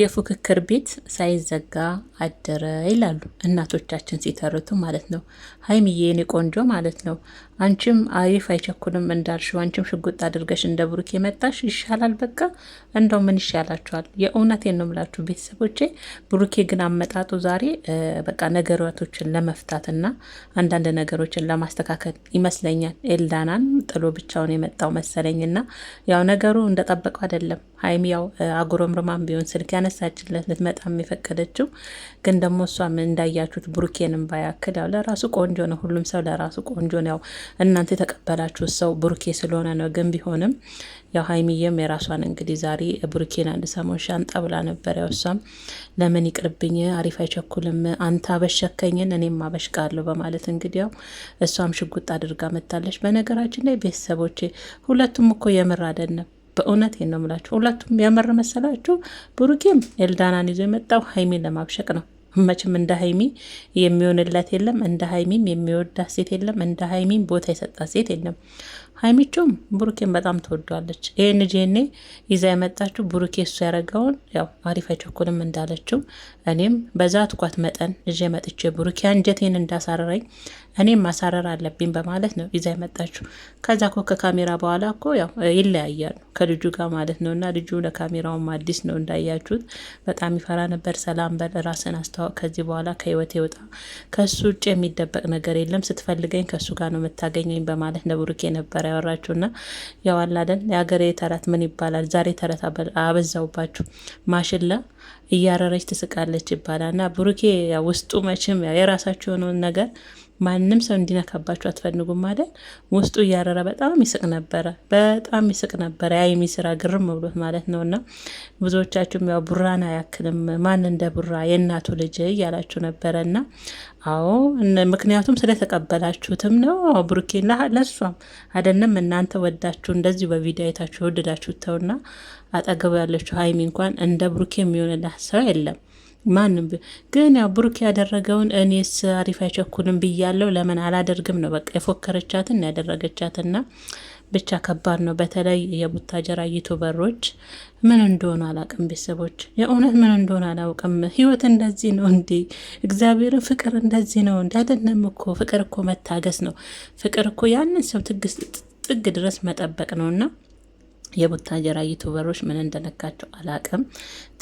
የፉክክር ቤት ሳይዘጋ አደረ ይላሉ እናቶቻችን ሲተርቱ ማለት ነው። ሀይሚዬ የኔ ቆንጆ ማለት ነው አንቺም አሪፍ አይቸኩልም እንዳልሽው አንቺም ሽጉጥ አድርገሽ እንደ ብሩክ የመጣሽ ይሻላል። በቃ እንደው ምን ይሻላችኋል? የእውነቴን ነው የምላችሁ ቤተሰቦቼ። ብሩኬ ግን አመጣጡ ዛሬ በቃ ለመፍታት ለመፍታትና አንዳንድ ነገሮችን ለማስተካከል ይመስለኛል። ኤልዳናን ጥሎ ብቻውን የመጣው መሰለኝና ያው ነገሩ እንደጠበቀው አይደለም። ሀይም ያው አጉረምርማም ቢሆን ስልክ ያነሳችለት ልትመጣ የፈቀደችው ግን ደግሞ እሷም እንዳያችሁት ብሩኬንም ባያክል ያው ለራሱ ቆንጆ ነው። ሁሉም ሰው ለራሱ ቆንጆ ነው ያው እናንተ የተቀበላችሁ ሰው ብሩኬ ስለሆነ ነው። ግን ቢሆንም ያው ሀይሚዬም የራሷን እንግዲህ ዛሬ ብሩኬን አንድ ሰሞን ሻንጣ ብላ ነበር። ያው እሷም ለምን ይቅርብኝ፣ አሪፍ አይቸኩልም፣ አንተ አበሸከኝን እኔም አበሽቃለሁ በማለት እንግዲህ ያው እሷም ሽጉጥ አድርጋ መታለች። በነገራችን ላይ ቤተሰቦቼ ሁለቱም እኮ የምር አይደለም በእውነት ነው የምላችሁ። ሁለቱም የምር መሰላችሁ። ብሩኬም ኤልዳናን ይዞ የመጣው ሀይሜን ለማብሸቅ ነው። መቼም እንደ ሀይሚ የሚሆንላት የለም። እንደ ሀይሚም የሚወዳት ሴት የለም። እንደ ሀይሚም ቦታ የሰጣት ሴት የለም። ሀይሚቾም ብሩኬን በጣም ትወዷለች። ይህን ጄኔ ይዛ የመጣችው ብሩኬ እሱ ያደረገውን ያው አሪፍ አይቸኩልም እንዳለችው እኔም በዛ ትኳት መጠን እዤ መጥቼ ብሩኬ አንጀቴን እንዳሳረረኝ እኔም ማሳረር አለብኝ በማለት ነው ይዛ የመጣችው። ከዛ ኮ ከካሜራ በኋላ ኮ ያው ይለያያሉ ከልጁ ጋር ማለት ነው። እና ልጁ ለካሜራውም አዲስ ነው እንዳያችሁት፣ በጣም ይፈራ ነበር። ሰላም በል ራስን አስተዋወቅ። ከዚህ በኋላ ከህይወት ይወጣ። ከሱ ውጭ የሚደበቅ ነገር የለም። ስትፈልገኝ ከሱ ጋር ነው የምታገኘኝ በማለት ነው ብሩኬ ነበር ነበር ያወራችሁ ና ያው አላደን የሀገሬ ተረት ምን ይባላል? ዛሬ ተረት አበዛውባችሁ። ማሽላ እያረረች ትስቃለች ይባላል። እና ብሩኬ ውስጡ መቼም የራሳችሁ የሆነውን ነገር ማንም ሰው እንዲነካባችሁ አትፈልጉም ማለት ውስጡ እያረረ በጣም ይስቅ ነበረ። በጣም ይስቅ ነበረ። ያ የሚስራ ግርም ብሎት ማለት ነው። እና ብዙዎቻችሁም ያው ቡራን አያክልም ማን እንደ ቡራ የእናቱ ልጅ እያላችሁ ነበረ። እና አዎ ምክንያቱም ስለተቀበላችሁትም ነው። ብሩኬን ለሷም አይደለም እናንተ ወዳችሁ እንደዚሁ በቪዲዮ አይታችሁ የወደዳችሁት ተውና አጠገቡ ያለችው ሀይሚ እንኳን እንደ ብሩኬ የሚሆንላት ሰው የለም። ማንም ግን ያው ብሩክ ያደረገውን እኔስ አሪፍ አይቸኩልም ብያለው። ለምን አላደርግም ነው በቃ የፎከረቻትን ያደረገቻትና ብቻ ከባድ ነው። በተለይ የቡታጀራ ዩቱበሮች ምን እንደሆኑ አላውቅም። ቤተሰቦች የእውነት ምን እንደሆነ አላውቅም። ህይወት እንደዚህ ነው እንዴ? እግዚአብሔርን ፍቅር እንደዚህ ነው እንዴ? አይደለም እኮ ፍቅር እኮ መታገስ ነው። ፍቅር እኮ ያንን ሰው ጥግ ድረስ መጠበቅ ነውና የቡታጀራ ዩቱበሮች ምን እንደነካቸው አላቅም።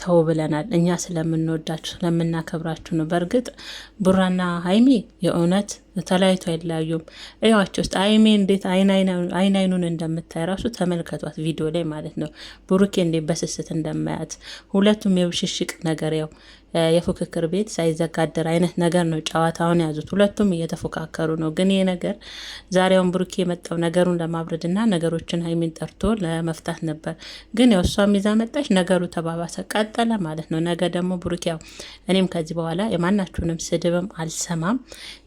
ተው ብለናል። እኛ ስለምንወዳችሁ ስለምናከብራችሁ ነው። በእርግጥ ቡራና ሀይሚ የእውነት ተለያይቶ አይለያዩም። እዋቸው ውስጥ አይሜ እንዴት አይን አይኑን እንደምታይ ራሱ ተመልከቷት፣ ቪዲዮ ላይ ማለት ነው። ብሩኬ እንዴት በስስት እንደማያት ሁለቱም የብሽሽቅ ነገር ያው የፉክክር ቤት ሳይዘጋደር አይነት ነገር ነው። ጨዋታውን ያዙት። ሁለቱም እየተፎካከሩ ነው። ግን ይህ ነገር ዛሬውን ብሩኬ የመጣው ነገሩን ለማብረድ እና ነገሮችን ሀይሚን ጠርቶ ለመፍታት ነበር። ግን ያው እሷ ይዛ መጣች። ነገሩ ተባባሰ፣ ቀጠለ ማለት ነው። ነገ ደግሞ ብሩኬ ያው እኔም ከዚህ በኋላ የማናችሁንም ስድብም አልሰማም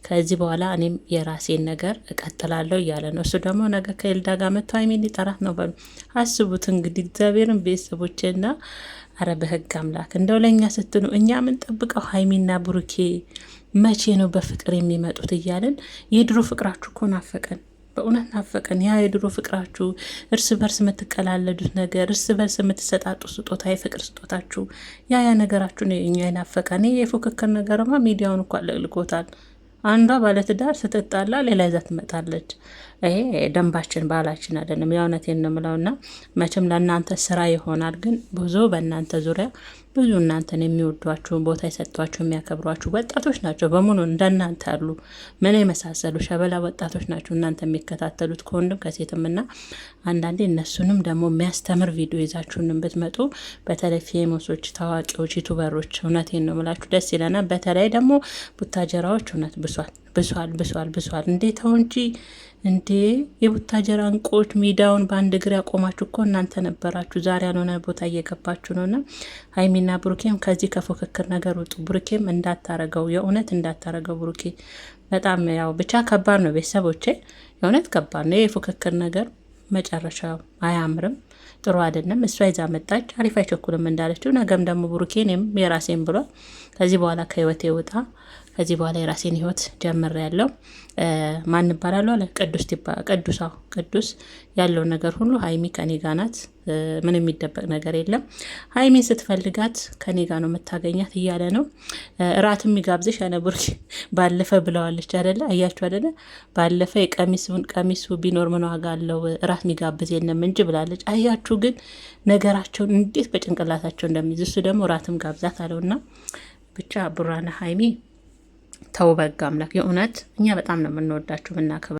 ከዚህ በኋላ በኋላ እኔም የራሴን ነገር እቀጥላለሁ እያለ ነው። እሱ ደግሞ ነገ ከኤልዳ ጋር መጥቶ ሀይሚን ሊጠራት ነው። በሉ አስቡት እንግዲህ እግዚአብሔርን ቤተሰቦቼና አረ በህግ አምላክ እንደው ለእኛ ስትኑ እኛ ምን ጠብቀው ሀይሚና ብሩኬ መቼ ነው በፍቅር የሚመጡት እያለን የድሮ ፍቅራችሁ እኮ ናፈቀን። በእውነት ናፈቀን። ያ የድሮ ፍቅራችሁ እርስ በርስ የምትቀላለዱት ነገር፣ እርስ በርስ የምትሰጣጡ ስጦታ፣ የፍቅር ስጦታችሁ ያ ያ ነገራችሁ ነው እኛ ይናፈቀን። ይህ የፉክክር ነገርማ ሚዲያውን እኮ አለቅልቆታል። አንዷ ባለትዳር ስትጣላ ሌላ ይዛ ትመጣለች። ይሄ ደንባችን ባህላችን አይደለም። የእውነቴን ነው የምለውና መቼም ለእናንተ ስራ ይሆናል፣ ግን ብዙ በእናንተ ዙሪያ ብዙ እናንተን የሚወዷችሁ ቦታ የሰጧችሁ የሚያከብሯችሁ ወጣቶች ናቸው በሙሉ እንደናንተ ያሉ ምን የመሳሰሉ ሸበላ ወጣቶች ናቸው እናንተ የሚከታተሉት ከወንድም ከሴትም እና አንዳንዴ እነሱንም ደግሞ የሚያስተምር ቪዲዮ ይዛችሁንም ብትመጡ በተለይ ፌሞሶች፣ ታዋቂዎች፣ ዩቱበሮች እውነቴን ነው ምላችሁ ደስ ይለናል። በተለይ ደግሞ ቡታጀራዎች እውነት ብሷል ብሷል ብሷል ብሷል እንዴተው እንጂ እንዴ የቡታጀራ እንቁዎች ሜዳውን በአንድ እግር ያቆማችሁ እኮ እናንተ ነበራችሁ። ዛሬ ያልሆነ ቦታ እየገባችሁ ነው። ና ሀይሚና ብሩኬም ከዚህ ከፉክክር ነገር ውጡ። ብሩኬም እንዳታረገው፣ የእውነት እንዳታረገው። ብሩኬ በጣም ያው ብቻ ከባድ ነው። ቤተሰቦቼ የእውነት ከባድ ነው። የፉክክር ነገር መጨረሻ አያምርም፣ ጥሩ አይደለም። እሷ ይዛ መጣች። አሪፍ አይቸኩልም እንዳለችው ነገም ደግሞ ብሩኬ የራሴን ብሏል። ከዚህ በኋላ ከህይወቴ ውጣ ከዚህ በኋላ የራሴን ህይወት ጀምር ያለው ማን ይባላሉ አለ ቅዱስ ቅዱሳው ቅዱስ ያለው ነገር ሁሉ ሀይሚ ከኔ ጋ ናት። ምን የሚደበቅ ነገር የለም። ሀይሚን ስትፈልጋት ከኔ ጋ ነው የምታገኛት እያለ ነው። እራት የሚጋብዝሽ ቡርኪ ባለፈ ብለዋለች አደለ? አያችሁ አደለ? ባለፈ የቀሚስን ቀሚሱ ቢኖር ምን ዋጋ አለው እራት የሚጋብዝ የለም እንጂ ብላለች። አያችሁ ግን ነገራቸውን እንዴት በጭንቅላታቸው እንደሚይዝ እሱ ደግሞ እራትም ጋብዛት አለውና ብቻ ቡራና ሀይሚ ተው በጋ አምላክ የእውነት እኛ በጣም ነው የምንወዳችሁ ምናከብራችሁ